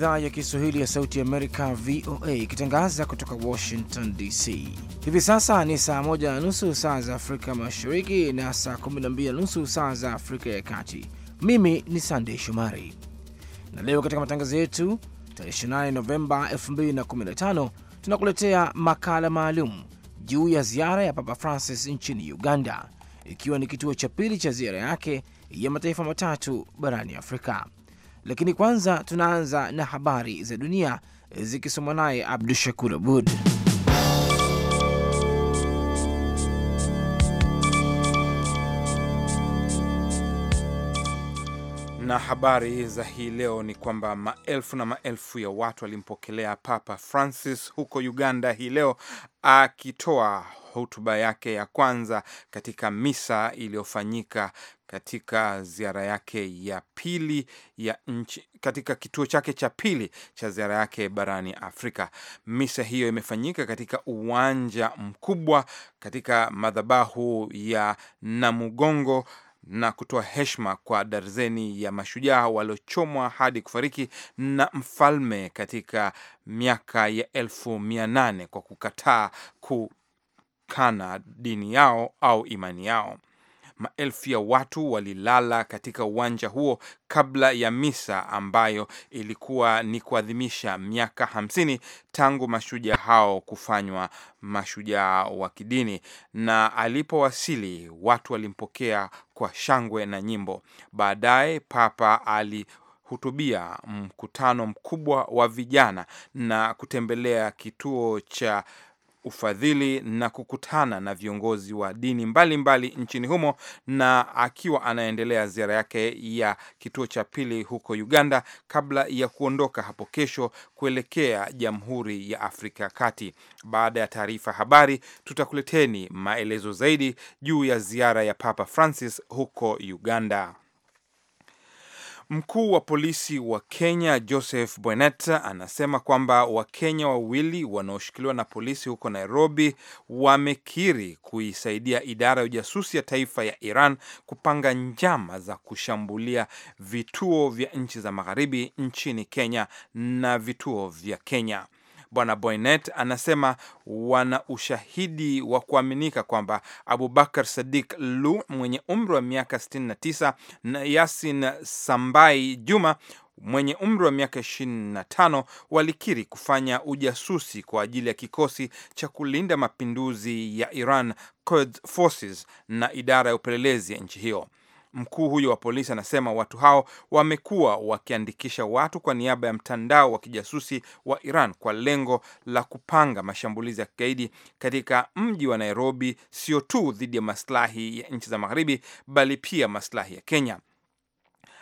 idhaa ya Kiswahili ya Sauti ya Amerika, VOA, ikitangaza kutoka Washington DC. Hivi sasa ni saa moja na nusu saa za Afrika Mashariki na saa kumi na mbili na nusu saa za Afrika ya Kati. Mimi ni Sandei Shomari, na leo katika matangazo yetu tarehe 28 Novemba 2015 tunakuletea makala maalum juu ya ziara ya Papa Francis nchini Uganda, ikiwa ni kituo cha pili cha ziara yake ya mataifa matatu barani Afrika lakini kwanza tunaanza na habari za dunia eh, zikisomwa naye Abdu Shakur Abud. Na habari za hii leo ni kwamba maelfu na maelfu ya watu walimpokelea Papa Francis huko Uganda hii leo akitoa hotuba yake ya kwanza katika misa iliyofanyika katika ziara yake ya pili ya nchi, katika kituo chake cha pili cha ziara yake barani Afrika. Misa hiyo imefanyika katika uwanja mkubwa katika madhabahu ya Namugongo na kutoa heshima kwa darzeni ya mashujaa waliochomwa hadi kufariki na mfalme katika miaka ya elfu mia nane kwa kukataa kukana dini yao au imani yao. Maelfu ya watu walilala katika uwanja huo kabla ya misa ambayo ilikuwa ni kuadhimisha miaka hamsini tangu mashujaa hao kufanywa mashujaa wa kidini. Na alipowasili watu walimpokea kwa shangwe na nyimbo. Baadaye Papa ali hutubia mkutano mkubwa wa vijana na kutembelea kituo cha ufadhili na kukutana na viongozi wa dini mbalimbali mbali nchini humo, na akiwa anaendelea ziara yake ya kituo cha pili huko Uganda kabla ya kuondoka hapo kesho kuelekea Jamhuri ya Afrika ya Kati. Baada ya taarifa habari, tutakuleteni maelezo zaidi juu ya ziara ya Papa Francis huko Uganda. Mkuu wa polisi wa Kenya Joseph Bonet anasema kwamba Wakenya wawili wanaoshikiliwa na polisi huko Nairobi wamekiri kuisaidia idara ya ujasusi ya taifa ya Iran kupanga njama za kushambulia vituo vya nchi za magharibi nchini Kenya na vituo vya Kenya. Bwana Boynet anasema wana ushahidi wa kuaminika kwamba Abubakar sadik Lu mwenye umri wa miaka 69 na Yasin Sambai Juma mwenye umri wa miaka 25 walikiri kufanya ujasusi kwa ajili ya kikosi cha kulinda mapinduzi ya Iran Quds Forces na idara ya upelelezi ya nchi hiyo. Mkuu huyo wa polisi anasema watu hao wamekuwa wakiandikisha watu kwa niaba ya mtandao wa kijasusi wa Iran kwa lengo la kupanga mashambulizi ya kigaidi katika mji wa Nairobi, sio tu dhidi ya maslahi ya nchi za Magharibi, bali pia maslahi ya Kenya.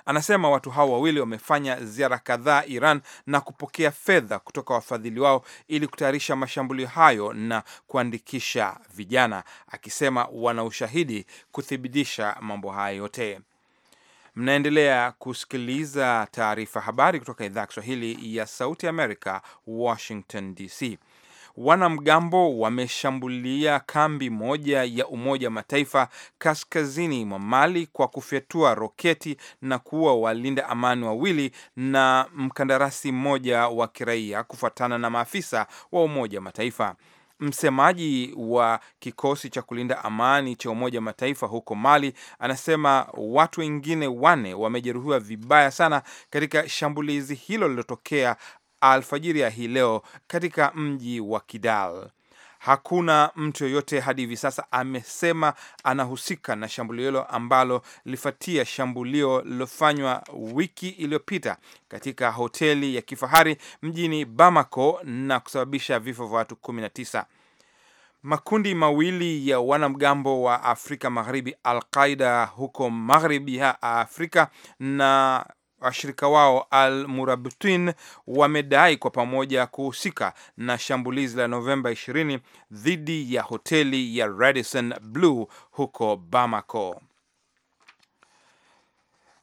Anasema watu hao wawili wamefanya ziara kadhaa Iran na kupokea fedha kutoka wafadhili wao ili kutayarisha mashambulio hayo na kuandikisha vijana, akisema wana ushahidi kuthibitisha mambo haya yote. Mnaendelea kusikiliza taarifa habari kutoka idhaa ya Kiswahili ya Sauti Amerika, Washington DC. Wanamgambo wameshambulia kambi moja ya Umoja wa Mataifa kaskazini mwa Mali kwa kufyatua roketi na kuua walinda amani wawili na mkandarasi mmoja wa kiraia, kufuatana na maafisa wa Umoja wa Mataifa. Msemaji wa kikosi cha kulinda amani cha Umoja wa Mataifa huko Mali anasema watu wengine wane wamejeruhiwa vibaya sana katika shambulizi hilo lililotokea alfajiri ya hii leo katika mji wa Kidal. Hakuna mtu yoyote hadi hivi sasa amesema anahusika na shambulio hilo ambalo lilifatia shambulio lilofanywa wiki iliyopita katika hoteli ya kifahari mjini Bamako na kusababisha vifo vya watu 19. Makundi mawili ya wanamgambo wa Afrika Magharibi, Al Qaida huko magharibi ya Afrika na washirika wao Al Murabitin wamedai kwa pamoja kuhusika na shambulizi la Novemba 20 dhidi ya hoteli ya Radisson Blue huko Bamako.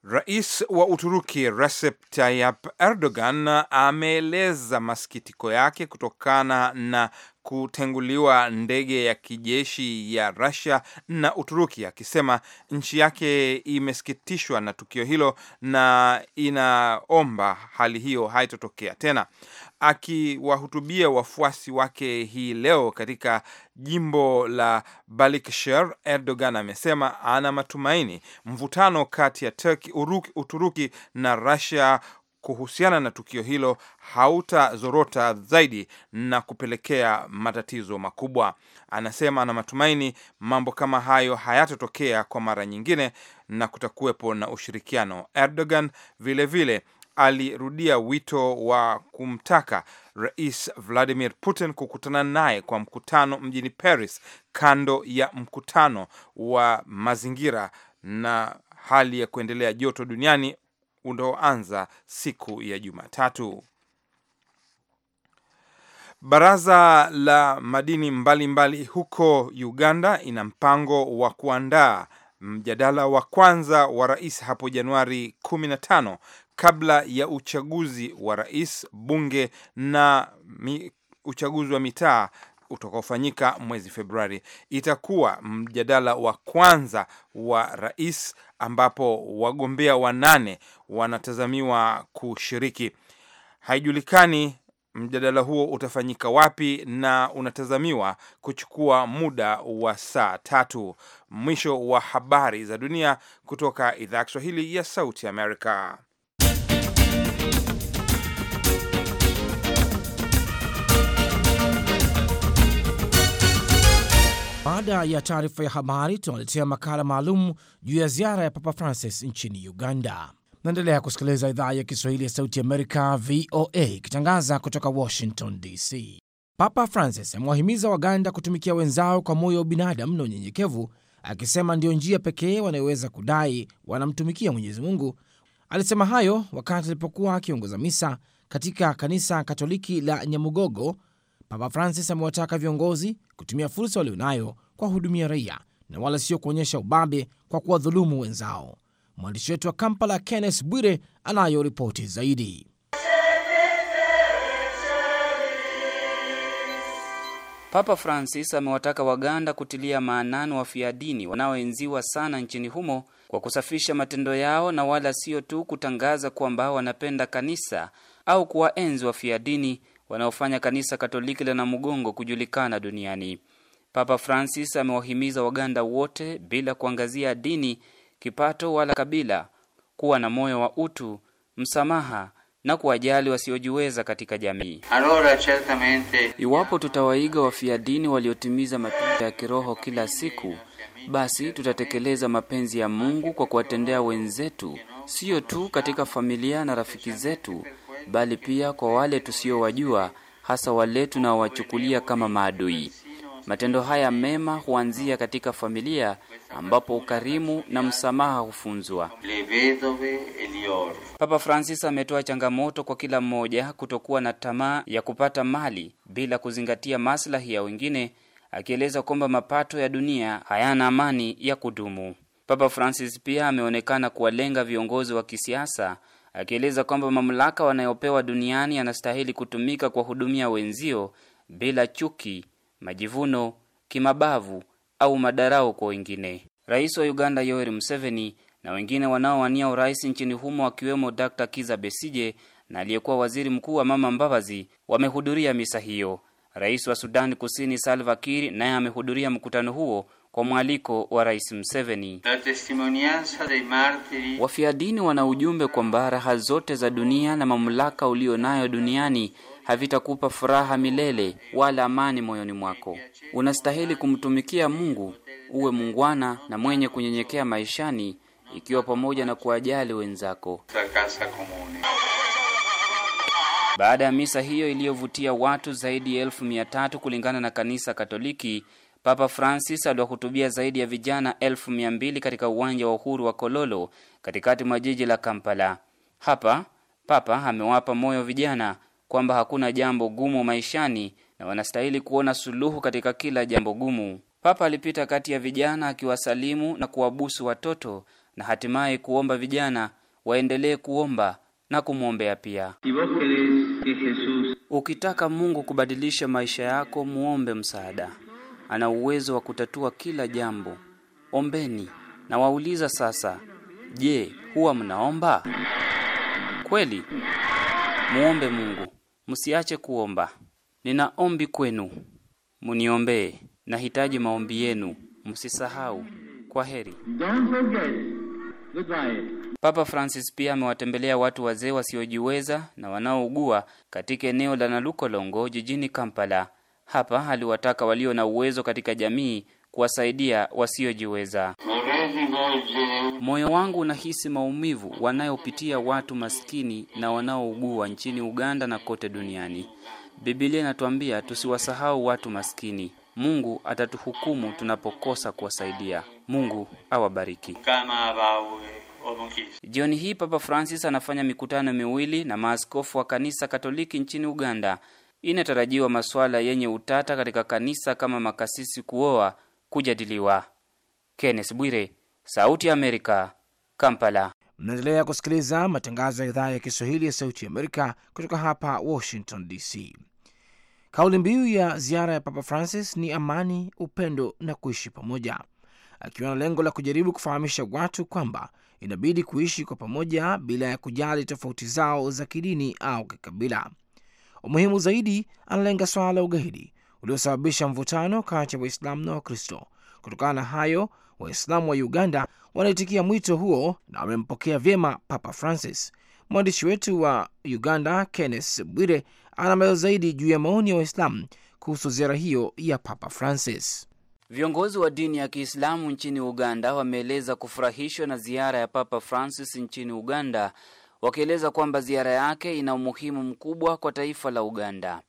Rais wa Uturuki Recep Tayyip Erdogan ameeleza masikitiko yake kutokana na kutenguliwa ndege ya kijeshi ya Russia na Uturuki, akisema nchi yake imesikitishwa na tukio hilo na inaomba hali hiyo haitotokea tena akiwahutubia wafuasi wake hii leo katika jimbo la Balikshir, Erdogan amesema ana matumaini mvutano kati ya Turki, Uruki, Uturuki na Russia kuhusiana na tukio hilo hautazorota zaidi na kupelekea matatizo makubwa. Anasema ana matumaini mambo kama hayo hayatotokea kwa mara nyingine na kutakuwepo na ushirikiano. Erdogan vilevile alirudia wito wa kumtaka Rais Vladimir Putin kukutana naye kwa mkutano mjini Paris kando ya mkutano wa mazingira na hali ya kuendelea joto duniani unaoanza siku ya Jumatatu. Baraza la madini mbalimbali mbali huko Uganda ina mpango wa kuandaa mjadala wa kwanza wa rais hapo Januari 15 kabla ya uchaguzi wa rais, bunge na mi, uchaguzi wa mitaa utakaofanyika mwezi Februari. Itakuwa mjadala wa kwanza wa rais, ambapo wagombea wanane wanatazamiwa kushiriki. Haijulikani mjadala huo utafanyika wapi na unatazamiwa kuchukua muda wa saa tatu. Mwisho wa habari za dunia kutoka idhaa ya Kiswahili ya Sauti Amerika. Baada ya taarifa ya habari, tunaletea makala maalum juu ya ziara ya Papa Francis nchini Uganda. Naendelea kusikiliza idhaa ya Kiswahili ya Sauti Amerika, VOA, ikitangaza kutoka Washington DC. Papa Francis amewahimiza Waganda kutumikia wenzao kwa moyo wa binadamu na unyenyekevu, akisema ndiyo njia pekee wanayoweza kudai wanamtumikia Mwenyezi Mungu. Alisema hayo wakati alipokuwa akiongoza misa katika kanisa Katoliki la Nyamugogo. Papa Francis amewataka viongozi kutumia fursa walionayo kuwahudumia raia na wala sio kuonyesha ubabe kwa kuwadhulumu wenzao. Mwandishi wetu wa Kampala, Kenneth Bwire, anayo ripoti zaidi. Papa Francis amewataka Waganda kutilia maanani wafia dini wanaoenziwa sana nchini humo kwa kusafisha matendo yao na wala sio tu kutangaza kwamba wanapenda kanisa au kuwaenzi wafia dini wanaofanya kanisa Katoliki la na mgongo kujulikana duniani. Papa Francis amewahimiza Waganda wote bila kuangazia dini, kipato wala kabila, kuwa na moyo wa utu, msamaha na kuwajali wasiojiweza katika jamii. Allora, certamente... iwapo tutawaiga wafia dini waliotimiza matendo ya kiroho kila siku, basi tutatekeleza mapenzi ya Mungu kwa kuwatendea wenzetu, sio tu katika familia na rafiki zetu, bali pia kwa wale tusiowajua, hasa wale tunaowachukulia kama maadui. Matendo haya mema huanzia katika familia ambapo ukarimu na msamaha hufunzwa. Papa Francis ametoa changamoto kwa kila mmoja kutokuwa na tamaa ya kupata mali bila kuzingatia maslahi ya wengine, akieleza kwamba mapato ya dunia hayana amani ya kudumu. Papa Francis pia ameonekana kuwalenga viongozi wa kisiasa akieleza kwamba mamlaka wanayopewa duniani yanastahili kutumika kwa hudumia wenzio bila chuki majivuno, kimabavu au madarau kwa wengine. Rais wa Uganda Yoweri Museveni na wengine wanaowania urais nchini humo akiwemo Dr. Kiza Besije na aliyekuwa waziri mkuu wa Mama Mbabazi wamehudhuria misa hiyo. Rais wa Sudani Kusini Salva Kiir naye amehudhuria mkutano huo kwa mwaliko wa Rais Museveni. Wafia dini wana ujumbe kwamba raha zote za dunia na mamlaka ulionayo duniani havitakupa furaha milele wala amani moyoni mwako. Unastahili kumtumikia Mungu, uwe mungwana na mwenye kunyenyekea maishani, ikiwa pamoja na kuwajali wenzako. Baada ya misa hiyo iliyovutia watu zaidi ya elfu mia tatu kulingana na kanisa Katoliki, Papa Francis aliwahutubia zaidi ya vijana elfu mia mbili katika uwanja wa uhuru wa Kololo katikati mwa jiji la Kampala. Hapa Papa amewapa moyo vijana kwamba hakuna jambo gumu maishani na wanastahili kuona suluhu katika kila jambo gumu. Papa alipita kati ya vijana akiwasalimu na kuwabusu watoto na hatimaye kuomba vijana waendelee kuomba na kumwombea pia. Ukitaka Mungu kubadilisha maisha yako, muombe msaada. Ana uwezo wa kutatua kila jambo. Ombeni. Na wauliza sasa, je, huwa mnaomba kweli? Muombe Mungu, msiache kuomba. Nina ombi kwenu, muniombee. Nahitaji maombi yenu, msisahau. Kwa heri. Papa Francis pia amewatembelea watu wazee wasiojiweza na wanaougua katika eneo la Nalukolongo jijini Kampala. Hapa aliwataka walio na uwezo katika jamii kuwasaidia wasiojiweza. Moyo wangu unahisi maumivu wanayopitia watu maskini na wanaougua nchini Uganda na kote duniani. Biblia inatuambia tusiwasahau watu maskini. Mungu atatuhukumu tunapokosa kuwasaidia. Mungu awabariki. Jioni hii Papa Francis anafanya mikutano miwili na maaskofu wa kanisa Katoliki nchini Uganda. Inatarajiwa masuala yenye utata katika kanisa kama makasisi kuoa kujadiliwa. Kenneth Bwire, Sauti ya Amerika, Kampala. Mnaendelea kusikiliza matangazo ya idhaa ya Kiswahili ya Sauti ya Amerika kutoka hapa Washington DC. Kauli mbiu ya ziara ya Papa Francis ni amani, upendo na kuishi pamoja, akiwa na lengo la kujaribu kufahamisha watu kwamba inabidi kuishi kwa pamoja bila ya kujali tofauti zao za kidini au kikabila. Umuhimu zaidi, analenga swala la ugaidi uliosababisha mvutano kati ya Waislamu na Wakristo. Kutokana na hayo, Waislamu wa Uganda wanaitikia mwito huo na wamempokea vyema Papa Francis. Mwandishi wetu wa Uganda Kenneth Bwire ana maelezo zaidi juu ya maoni ya Waislamu kuhusu ziara hiyo ya Papa Francis. Viongozi wa dini ya Kiislamu nchini Uganda wameeleza kufurahishwa na ziara ya Papa Francis nchini Uganda, wakieleza kwamba ziara yake ina umuhimu mkubwa kwa taifa la Uganda.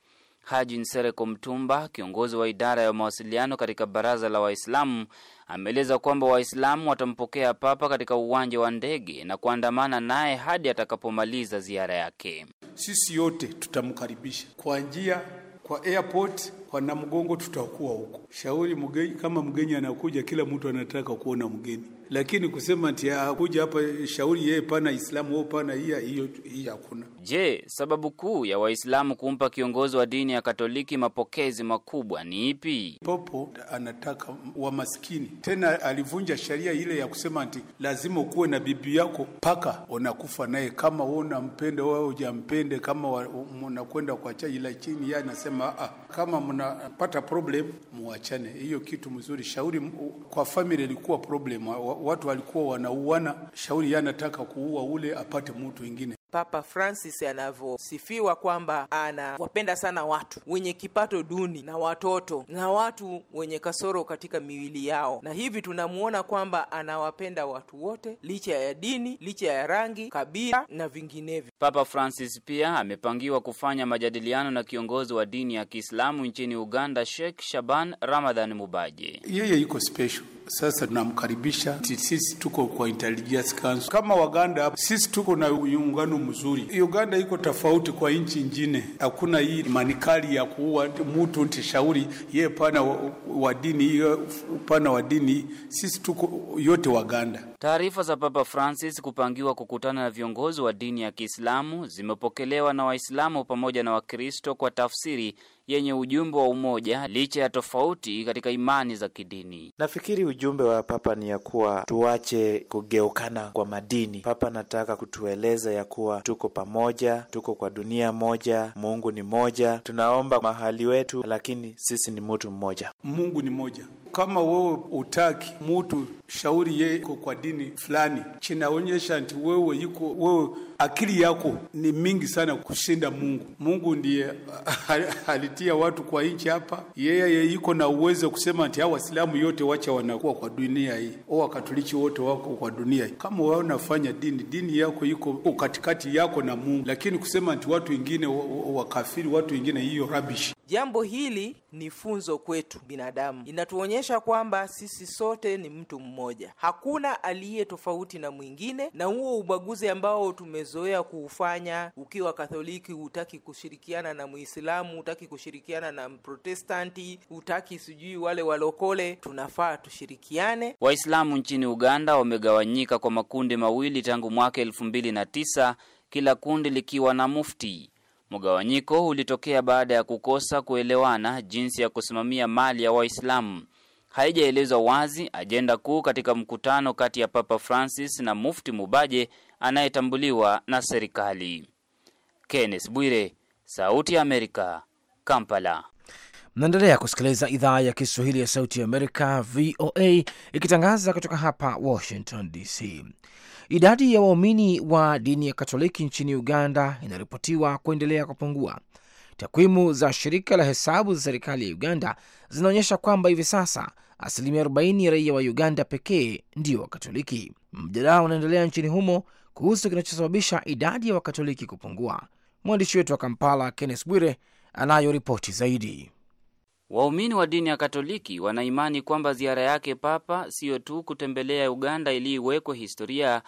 Haji Nsereko Mtumba, kiongozi wa idara ya mawasiliano katika Baraza la Waislamu, ameeleza kwamba Waislamu watampokea Papa katika uwanja wa ndege na kuandamana naye hadi atakapomaliza ziara yake. Sisi yote tutamkaribisha kwa njia, kwa airport, kwa Namgongo, tutakuwa huko. Shauri mgeni kama mgeni anakuja, kila mtu anataka kuona mgeni, lakini kusema ati akuja hapa shauri yeye pana Islamu au pana hiya, hiyo hakuna Je, sababu kuu ya Waislamu kumpa kiongozi wa dini ya Katoliki mapokezi makubwa ni ipi? Popo anataka wa maskini. Tena alivunja sheria ile ya kusema ati lazima ukuwe na bibi yako mpaka unakufa naye, kama wewe unampenda wewe hujampende, kama mnakwenda chaji la chini, yeye anasema ah, ah, kama mnapata problem muachane. Hiyo kitu mzuri. Shauri kwa family ilikuwa problem, watu walikuwa wanauana. Shauri anataka kuua ule apate mtu mwingine Papa Francis anavyosifiwa kwamba anawapenda sana watu wenye kipato duni na watoto na watu wenye kasoro katika miwili yao, na hivi tunamuona kwamba anawapenda watu wote licha ya dini, licha ya rangi, kabila na vinginevyo. Papa Francis pia amepangiwa kufanya majadiliano na kiongozi wa dini ya Kiislamu nchini Uganda Sheikh Shaban Ramadhan Mubaje. Yeye yuko special sasa tunamkaribisha sisi, tuko kwa intelligence council kama Waganda, sisi tuko na uungano mzuri. Uganda iko tofauti kwa nchi nyingine, hakuna hii manikali ya kuua mtu ntishauri ye pana wa dini upana wa dini, sisi tuko yote Waganda. Taarifa za Papa Francis kupangiwa kukutana na viongozi wa dini ya Kiislamu zimepokelewa na Waislamu pamoja na Wakristo kwa tafsiri yenye ujumbe wa umoja licha ya tofauti katika imani za kidini. Nafikiri ujumbe wa Papa ni ya kuwa tuache kugeukana kwa madini. Papa anataka kutueleza ya kuwa tuko pamoja, tuko kwa dunia moja, Mungu ni moja, tunaomba mahali wetu, lakini sisi ni mutu mmoja. Mungu ni moja. Kama wewe utaki mutu shauri yeko kwa dini fulani, chinaonyesha nti wewe iko wewe akili yako ni mingi sana kushinda Mungu. Mungu ndiye alitia watu kwa nchi hapa, yeye yuko na uwezo kusema ati hawa Waislamu yote wacha wanakuwa kwa dunia hii, au Wakatoliki wote wako kwa dunia hii. Kama wao nafanya dini, dini yako iko katikati yako na Mungu, lakini kusema ati watu wengine wakafiri, watu wengine, hiyo rubbish. Jambo hili ni funzo kwetu binadamu, inatuonyesha kwamba sisi sote ni mtu mmoja, hakuna aliye tofauti na mwingine, na huo ubaguzi ambao tume umezoea kuufanya ukiwa Katholiki, hutaki kushirikiana na Muislamu, hutaki kushirikiana na Mprotestanti, hutaki sijui wale walokole. Tunafaa tushirikiane. Waislamu nchini Uganda wamegawanyika kwa makundi mawili tangu mwaka elfu mbili na tisa, kila kundi likiwa na mufti. Mgawanyiko ulitokea baada ya kukosa kuelewana jinsi ya kusimamia mali ya Waislamu. Haijaelezwa wazi ajenda kuu katika mkutano kati ya Papa Francis na Mufti Mubaje anayetambuliwa na serikali. Kenneth Bwire, Sauti ya Amerika, Kampala. Mnaendelea kusikiliza idhaa ya Kiswahili ya Sauti ya Amerika, VOA, ikitangaza kutoka hapa Washington DC. Idadi ya waumini wa dini ya Katoliki nchini Uganda inaripotiwa kuendelea kupungua. Takwimu za shirika la hesabu za serikali ya Uganda zinaonyesha kwamba hivi sasa asilimia 40 ya raia wa Uganda pekee ndio Wakatoliki. Mjadala unaendelea nchini humo kuhusu kinachosababisha idadi ya Wakatoliki kupungua. Mwandishi wetu wa Kampala, kennes Bwire, anayo ripoti zaidi. Waumini wa dini ya Katoliki wanaimani kwamba ziara yake Papa siyo tu kutembelea Uganda iliyowekwa historia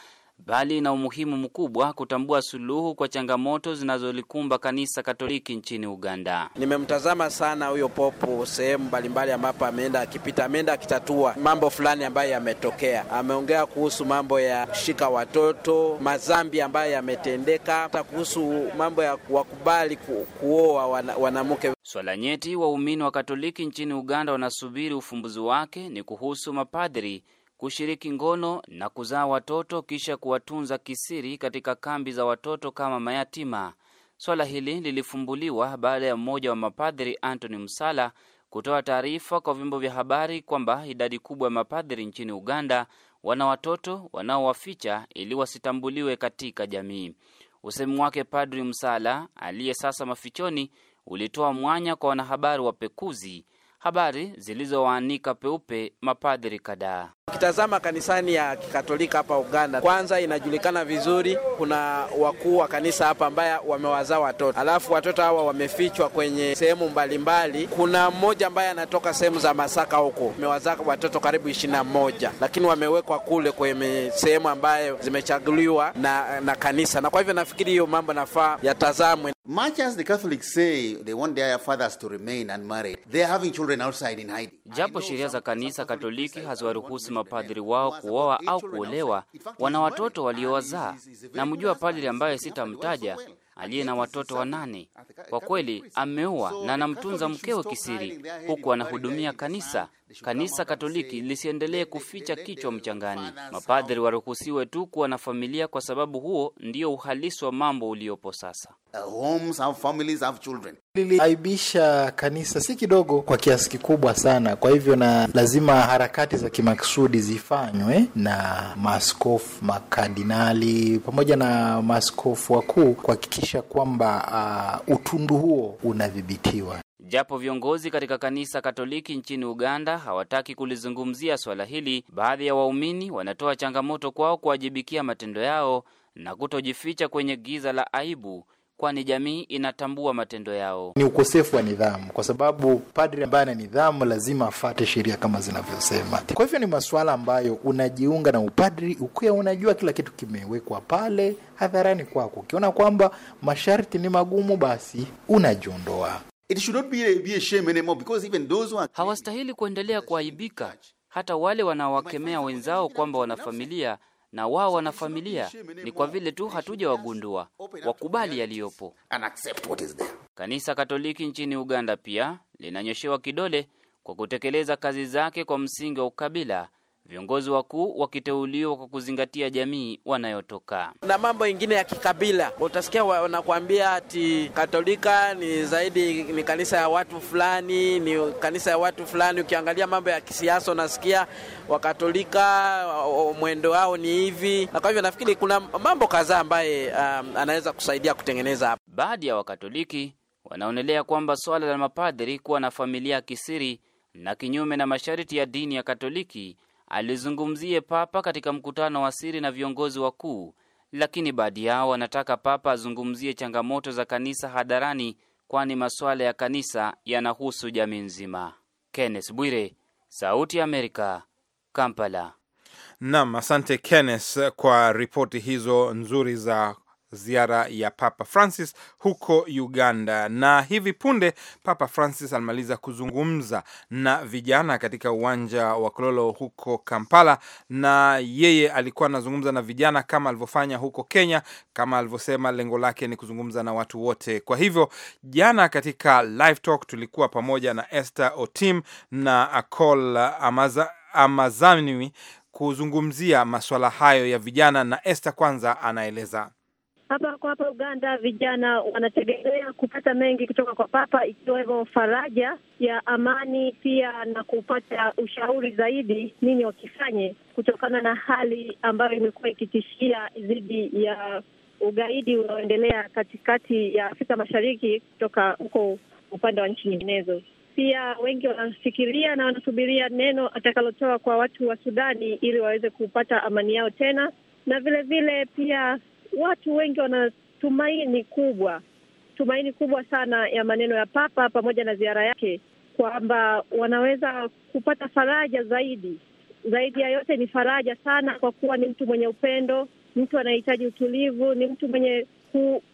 bali ina umuhimu mkubwa kutambua suluhu kwa changamoto zinazolikumba kanisa Katoliki nchini Uganda. Nimemtazama sana huyo popo sehemu mbalimbali ambapo ameenda akipita, ameenda akitatua mambo fulani ambayo yametokea. Ameongea kuhusu mambo ya shika watoto, mazambi ambayo yametendeka, hata kuhusu mambo ya wakubali kuoa wanamke. Swala nyeti waumini wa Katoliki nchini Uganda wanasubiri ufumbuzi wake ni kuhusu mapadhiri kushiriki ngono na kuzaa watoto kisha kuwatunza kisiri katika kambi za watoto kama mayatima. Swala hili lilifumbuliwa baada ya mmoja wa mapadhiri Anthony Msala kutoa taarifa kwa vyombo vya habari kwamba idadi kubwa ya mapadhiri nchini Uganda wana watoto wanaowaficha ili wasitambuliwe katika jamii. Usemi wake Padri Msala aliye sasa mafichoni ulitoa mwanya kwa wanahabari wapekuzi, habari zilizowaanika peupe mapadhiri kadhaa. Ukitazama kanisani ya Kikatolika hapa Uganda, kwanza inajulikana vizuri, kuna wakuu wa kanisa hapa ambaye wamewazaa watoto, alafu watoto hawa wamefichwa kwenye sehemu mbalimbali. Kuna mmoja ambaye anatoka sehemu za Masaka huko, amewazaa watoto karibu ishirini na moja, lakini wamewekwa kule kwenye sehemu ambayo zimechaguliwa na, na kanisa, na kwa hivyo nafikiri hiyo mambo nafaa yatazamwe. Much as the Catholics say they want their fathers to remain unmarried, they are having children outside in hiding. Japo sheria za kanisa Katoliki haziwaruhusu mapadhiri wao kuoa au kuolewa, wana watoto waliowazaa. Namjua padri ambaye sitamtaja aliye na watoto wanane. Kwa kweli ameoa na anamtunza mkewe kisiri, huku anahudumia kanisa. Kanisa Katoliki lisiendelee kuficha kichwa mchangani. Mapadhiri waruhusiwe tu kuwa na familia, kwa sababu huo ndio uhalisi wa mambo uliopo sasa. Uh, Liliaibisha kanisa si kidogo, kwa kiasi kikubwa sana. Kwa hivyo, na lazima harakati za kimakusudi zifanywe na maaskofu, makardinali pamoja na maaskofu wakuu kuhakikisha kwamba uh, utundu huo unadhibitiwa. Japo viongozi katika kanisa Katoliki nchini Uganda hawataki kulizungumzia swala hili, baadhi ya waumini wanatoa changamoto kwao kuwajibikia matendo yao na kutojificha kwenye giza la aibu kwani jamii inatambua matendo yao. Ni ukosefu wa nidhamu, kwa sababu padri ambaye ana nidhamu lazima afate sheria kama zinavyosema. Kwa hivyo ni masuala ambayo unajiunga na upadri ukiwa unajua kila kitu kimewekwa pale hadharani kwako. Ukiona kwamba masharti ni magumu, basi unajiondoa. It should not be, be a shame anymore because even those who are... hawastahili kuendelea kuaibika, hata wale wanaowakemea wenzao kwamba wana familia na wao wana familia, ni kwa vile tu hatuja wagundua. Wakubali yaliyopo. Kanisa Katoliki nchini Uganda pia linanyoshewa kidole kwa kutekeleza kazi zake kwa msingi wa ukabila viongozi wakuu wakiteuliwa kwa kuzingatia jamii wanayotoka. Na mambo ingine ya kikabila, utasikia wanakuambia ati Katolika ni zaidi ni kanisa ya watu fulani, ni kanisa ya watu fulani. Ukiangalia mambo ya kisiasa, unasikia Wakatolika mwendo wao ni hivi, na kwa hivyo nafikiri kuna mambo kadhaa ambaye um, anaweza kusaidia kutengeneza hapa. Baadhi ya Wakatoliki wanaonelea kwamba swala la mapadhiri kuwa na familia ya kisiri na kinyume na masharti ya dini ya Katoliki alizungumzie Papa katika mkutano wa siri na viongozi wakuu, lakini baadhi yao wanataka Papa azungumzie changamoto za kanisa hadharani, kwani masuala ya kanisa yanahusu jamii nzima. Kenneth Bwire, Sauti ya Amerika, Kampala. Nam, asante Kenneth kwa ripoti hizo nzuri za ziara ya Papa Francis huko Uganda. Na hivi punde Papa Francis alimaliza kuzungumza na vijana katika uwanja wa Kololo huko Kampala, na yeye alikuwa anazungumza na vijana kama alivyofanya huko Kenya. Kama alivyosema, lengo lake ni kuzungumza na watu wote. Kwa hivyo, jana katika live talk tulikuwa pamoja na Esther Otim na Akol Amaza, Amazanwi kuzungumzia masuala hayo ya vijana, na Esther kwanza anaeleza hapa kwa hapa Uganda vijana wanategemea kupata mengi kutoka kwa Papa, ikiwemo faraja ya amani, pia na kupata ushauri zaidi nini wakifanye kutokana na hali ambayo imekuwa ikitishia dhidi ya ugaidi unaoendelea katikati ya Afrika Mashariki kutoka huko upande wa nchi nyinginezo. Pia wengi wanafikiria na wanasubiria neno atakalotoa kwa watu wa Sudani ili waweze kupata amani yao tena, na vilevile vile pia watu wengi wana tumaini kubwa, tumaini kubwa sana ya maneno ya Papa pamoja na ziara yake, kwamba wanaweza kupata faraja zaidi. Zaidi ya yote ni faraja sana, kwa kuwa ni mtu mwenye upendo, mtu anayehitaji utulivu, ni mtu mwenye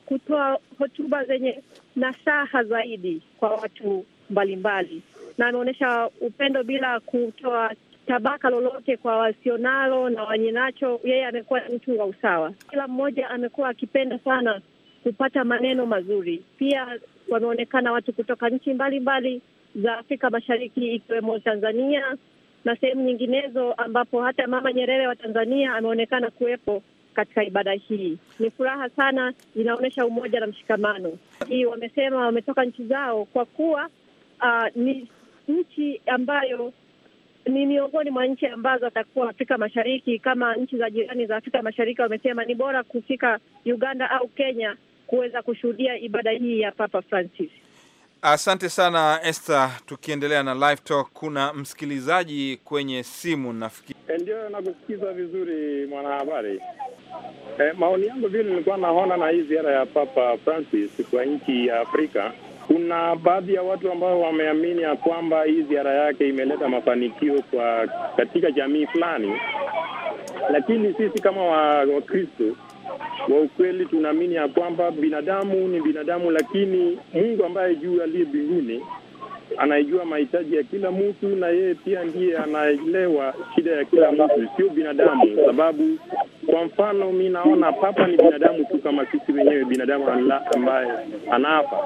kutoa hotuba zenye nasaha zaidi kwa watu mbalimbali, na ameonyesha upendo bila kutoa tabaka lolote kwa wasionalo na wenye nacho. Yeye amekuwa ni mtu wa usawa, kila mmoja amekuwa akipenda sana kupata maneno mazuri. Pia wameonekana watu kutoka nchi mbalimbali za Afrika Mashariki ikiwemo Tanzania na sehemu nyinginezo, ambapo hata Mama Nyerere wa Tanzania ameonekana kuwepo katika ibada hii. Ni furaha sana, inaonyesha umoja na mshikamano. Hii wamesema wametoka nchi zao kwa kuwa uh, ni nchi ambayo ni miongoni mwa nchi ambazo atakuwa Afrika Mashariki, kama nchi za jirani za Afrika Mashariki wamesema ni bora kufika Uganda au Kenya kuweza kushuhudia ibada hii ya Papa Francis. Asante sana Esther. Tukiendelea na live talk, kuna msikilizaji kwenye simu nafikiri. Eh, ndio, nakusikiza vizuri mwanahabari. E, maoni yangu vile nilikuwa naona na hii ziara ya Papa Francis kwa nchi ya Afrika kuna baadhi ya watu ambao wameamini ya kwamba hii ziara yake imeleta mafanikio kwa katika jamii fulani, lakini sisi kama Wakristo wa, wa ukweli tunaamini ya kwamba binadamu ni binadamu, lakini Mungu ambaye juu aliye mbinguni anaijua mahitaji ya kila mtu, na yeye pia ndiye anaelewa shida ya kila mtu, sio binadamu. Sababu kwa mfano, mi naona papa ni binadamu tu kama sisi wenyewe, binadamu ambaye anaapa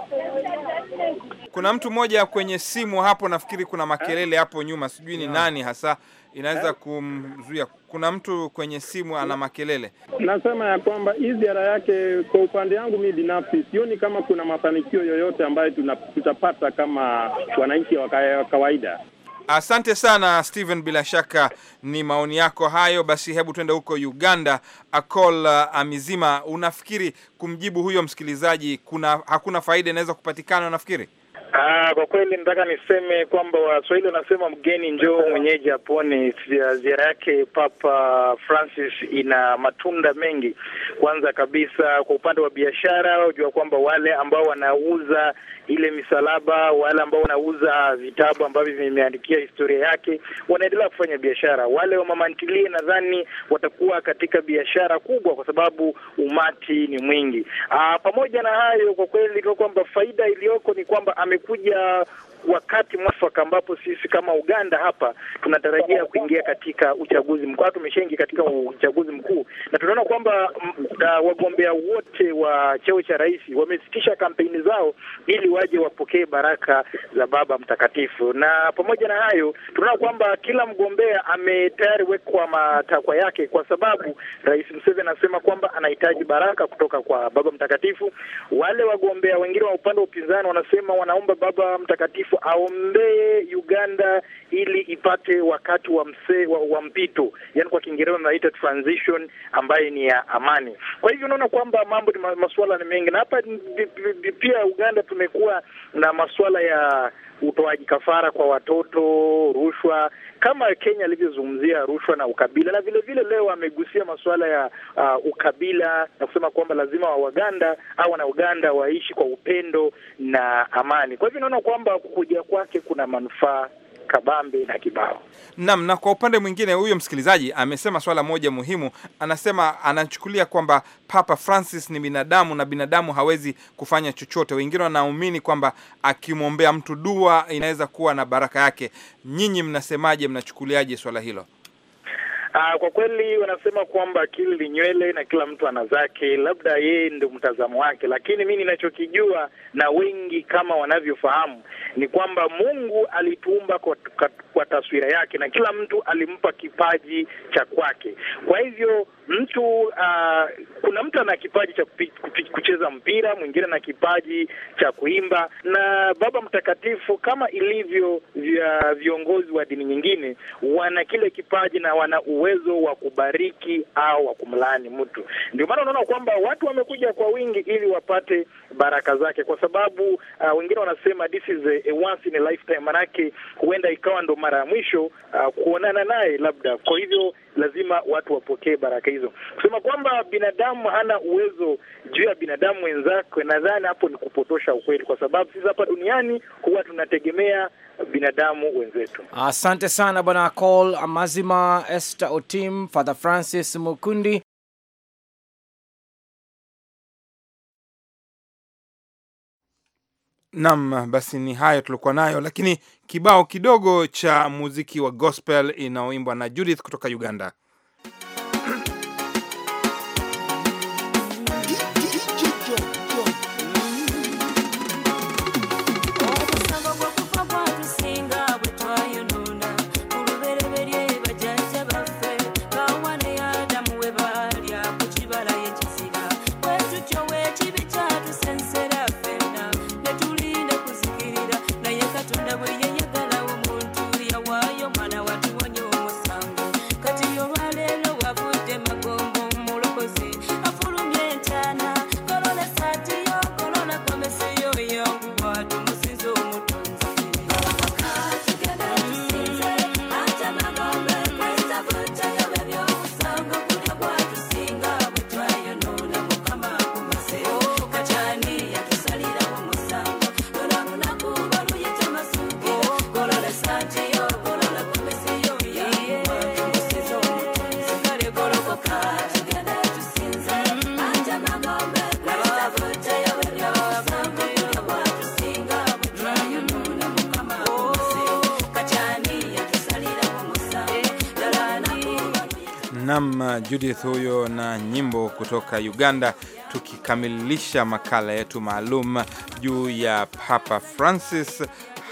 Kuna mtu mmoja kwenye simu hapo, nafikiri kuna makelele hapo nyuma, sijui ni nani hasa inaweza eh? kumzuia? Kuna mtu kwenye simu ana makelele. Nasema ya kwamba hii ziara yake, kwa upande wangu mimi binafsi, sioni kama kuna mafanikio yoyote ambayo tutapata kama wananchi wa kawaida. Asante sana Steven, bila shaka ni maoni yako hayo. Basi hebu twende huko Uganda. Akol uh, Amizima, unafikiri kumjibu huyo msikilizaji kuna hakuna faida inaweza kupatikana? Unafikiri Aa, ah, kwa kweli nataka niseme kwamba Waswahili wanasema mgeni njoo mwenyeji apone. Ziara yake Papa Francis ina matunda mengi. Kwanza kabisa, kwa upande wa biashara, unajua kwamba wale ambao wanauza ile misalaba, wale ambao wanauza vitabu ambavyo vimeandikia historia yake wanaendelea kufanya biashara. Wale wa mama ntilie nadhani watakuwa katika biashara kubwa, kwa sababu umati ni mwingi. Aa, ah, pamoja na hayo, kwa kweli kwamba faida iliyoko ni kwamba ame wamekuja wakati mwafaka ambapo sisi kama Uganda hapa tunatarajia kuingia katika uchaguzi mkuu, tumeshaingia katika uchaguzi mkuu, na tunaona kwamba mm, ah, wagombea wote wa cheo cha rais wamesitisha kampeni zao ili waje wapokee baraka za Baba Mtakatifu. Na pamoja na hayo, tunaona kwamba kila mgombea ametayari wekwa matakwa yake, kwa sababu Rais Museveni anasema kwamba anahitaji baraka kutoka kwa Baba Mtakatifu. Wale wagombea wengine wa upande wa upinzani wanasema wanaomba Baba Mtakatifu mtakatifu aombee Uganda ili ipate wakati wa mse, wa, wa mpito, yani kwa Kiingereza wanaita transition ambaye ni ya amani. Kwa hivyo unaona kwamba mambo ni masuala ni mengi, na hapa pia Uganda tumekuwa na masuala ya utoaji kafara kwa watoto, rushwa, kama Kenya alivyozungumzia rushwa na ukabila, na vilevile vile leo amegusia masuala ya uh, ukabila na kusema kwamba lazima Waganda au wana Uganda waishi kwa upendo na amani. Kwa hivyo naona kwamba kukuja kwake kuna manufaa kabambe na kibao. Naam, na kwa upande mwingine huyo msikilizaji amesema swala moja muhimu, anasema anachukulia kwamba Papa Francis ni binadamu na binadamu hawezi kufanya chochote. Wengine wanaamini kwamba akimwombea mtu dua inaweza kuwa na baraka yake. Nyinyi mnasemaje, mnachukuliaje swala hilo? Aa, ah, kwa kweli wanasema kwamba akili ni nywele na kila mtu ana zake, labda yeye ndio mtazamo wake, lakini mi ninachokijua na wengi kama wanavyofahamu ni kwamba Mungu alituumba kwa, kwa, kwa taswira yake na kila mtu alimpa kipaji cha kwake. Kwa hivyo mtu uh, kuna mtu ana kipaji cha kucheza mpira, mwingine ana kipaji cha kuimba, na Baba Mtakatifu kama ilivyo vya viongozi wa dini nyingine wana kile kipaji na wana u uwezo wa kubariki au wa kumlaani mtu. Ndio maana unaona kwamba watu wamekuja kwa wingi ili wapate baraka zake, kwa sababu uh, wengine wanasema this is a, a once in a lifetime, manake huenda ikawa ndo mara ya mwisho uh, kuonana naye labda. Kwa hivyo lazima watu wapokee baraka hizo. Kusema kwamba binadamu hana uwezo juu ya binadamu wenzake, nadhani hapo ni kupotosha ukweli, kwa sababu sisi hapa duniani huwa tunategemea binadamu wenzetu. Asante sana Bwana Col Amazima, Esther Otim, Father Francis Mukundi. nam basi ni hayo tulikuwa nayo, lakini kibao kidogo cha muziki wa gospel inaoimbwa na Judith kutoka Uganda. Judith huyo na nyimbo kutoka Uganda, tukikamilisha makala yetu maalum juu ya Papa Francis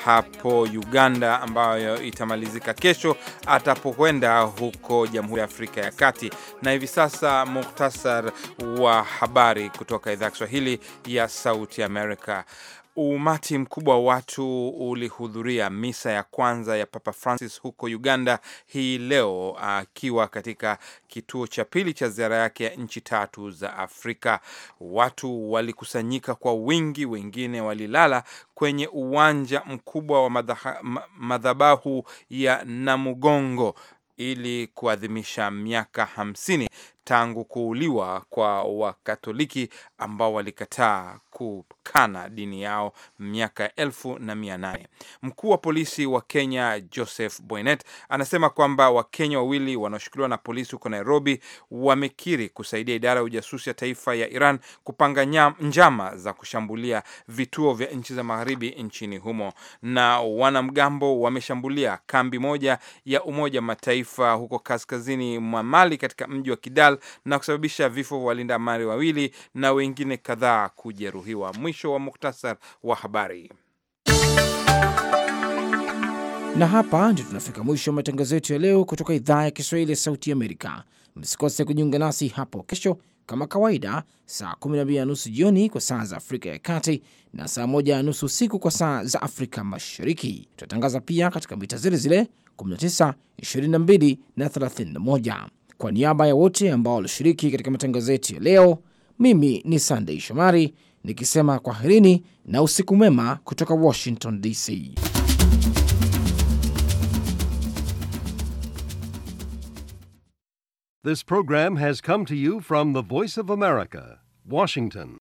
hapo Uganda ambayo itamalizika kesho atapokwenda huko Jamhuri ya Afrika ya Kati. Na hivi sasa muktasar wa habari kutoka idhaa ya Kiswahili ya Sauti Amerika. Umati mkubwa wa watu ulihudhuria misa ya kwanza ya Papa Francis huko Uganda hii leo, akiwa katika kituo cha pili cha ziara yake ya nchi tatu za Afrika. Watu walikusanyika kwa wingi, wengine walilala kwenye uwanja mkubwa wa madhabahu ya Namugongo ili kuadhimisha miaka hamsini tangu kuuliwa kwa Wakatoliki ambao walikataa kukana dini yao miaka elfu na mia nane. Mkuu wa polisi wa Kenya Joseph Boynet anasema kwamba Wakenya wawili wanaoshikiliwa na polisi huko Nairobi wamekiri kusaidia idara ya ujasusi ya taifa ya Iran kupanga njama za kushambulia vituo vya nchi za magharibi nchini humo. Na wanamgambo wameshambulia kambi moja ya Umoja Mataifa huko kaskazini mwa Mali katika mji wa Kidal na kusababisha vifo vya walinda amani wawili na wengine kadhaa kujeruhiwa. Mwisho wa muktasar wa habari. Na hapa ndio tunafika mwisho wa matangazo yetu ya leo kutoka idhaa ya Kiswahili ya Sauti Amerika. Msikose kujiunga nasi hapo kesho kama kawaida, saa 12 na nusu jioni kwa saa za Afrika ya Kati na saa 1 na nusu usiku kwa saa za Afrika Mashariki. Tutatangaza pia katika mita zile zile 19, 22 na 31. Kwa niaba ya wote ambao walishiriki katika matangazo yetu ya leo, mimi ni Sandei Shomari nikisema kwaherini na usiku mwema kutoka Washington DC. This program has come to you from the Voice of America, Washington.